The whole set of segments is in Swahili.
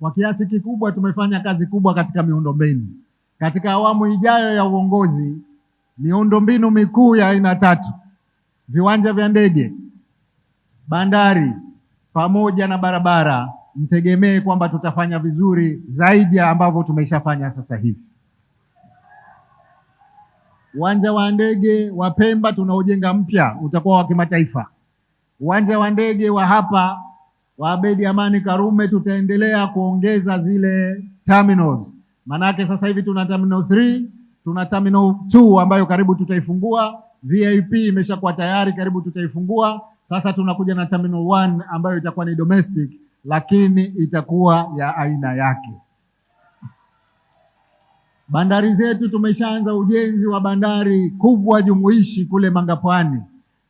Kwa kiasi kikubwa tumefanya kazi kubwa katika miundombinu. Katika awamu ijayo ya uongozi, miundombinu mikuu ya aina tatu, viwanja vya ndege, bandari pamoja na barabara, mtegemee kwamba tutafanya vizuri zaidi ya ambavyo tumeshafanya sasa hivi. Uwanja wa ndege wa Pemba tunaojenga mpya utakuwa wa kimataifa. Uwanja wa ndege wa hapa Abedi Amani Karume, tutaendelea kuongeza zile terminals, manake sasa hivi tuna terminal 3, tuna terminal 2 ambayo karibu tutaifungua. VIP imeshakuwa tayari, karibu tutaifungua. Sasa tunakuja na terminal 1 ambayo itakuwa ni domestic, lakini itakuwa ya aina yake. Bandari zetu tumeshaanza ujenzi wa bandari kubwa jumuishi kule Mangapwani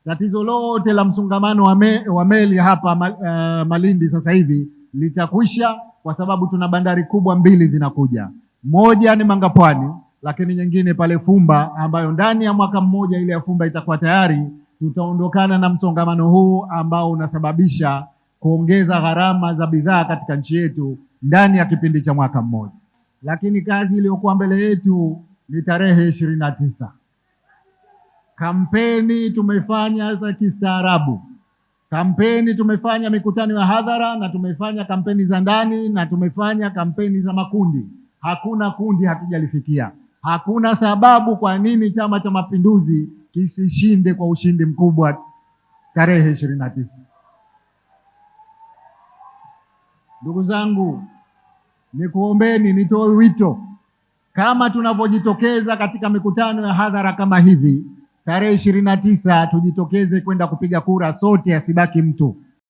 Tatizo lote la msongamano wa, me, wa meli hapa uh, Malindi sasa hivi litakwisha kwa sababu tuna bandari kubwa mbili zinakuja, moja ni Mangapwani, lakini nyingine pale Fumba, ambayo ndani ya mwaka mmoja ile ya Fumba itakuwa tayari. Tutaondokana na msongamano huu ambao unasababisha kuongeza gharama za bidhaa katika nchi yetu ndani ya kipindi cha mwaka mmoja. Lakini kazi iliyokuwa mbele yetu ni tarehe ishirini na tisa. Kampeni tumefanya za kistaarabu, kampeni tumefanya mikutano ya hadhara, na tumefanya kampeni za ndani, na tumefanya kampeni za makundi. Hakuna kundi hatujalifikia. Hakuna sababu kwa nini Chama cha Mapinduzi kisishinde kwa ushindi mkubwa tarehe ishirini na tisa. Ndugu zangu, nikuombeni, nitoe wito kama tunavyojitokeza katika mikutano ya hadhara kama hivi tarehe ishirini na tisa tujitokeze kwenda kupiga kura sote, asibaki mtu.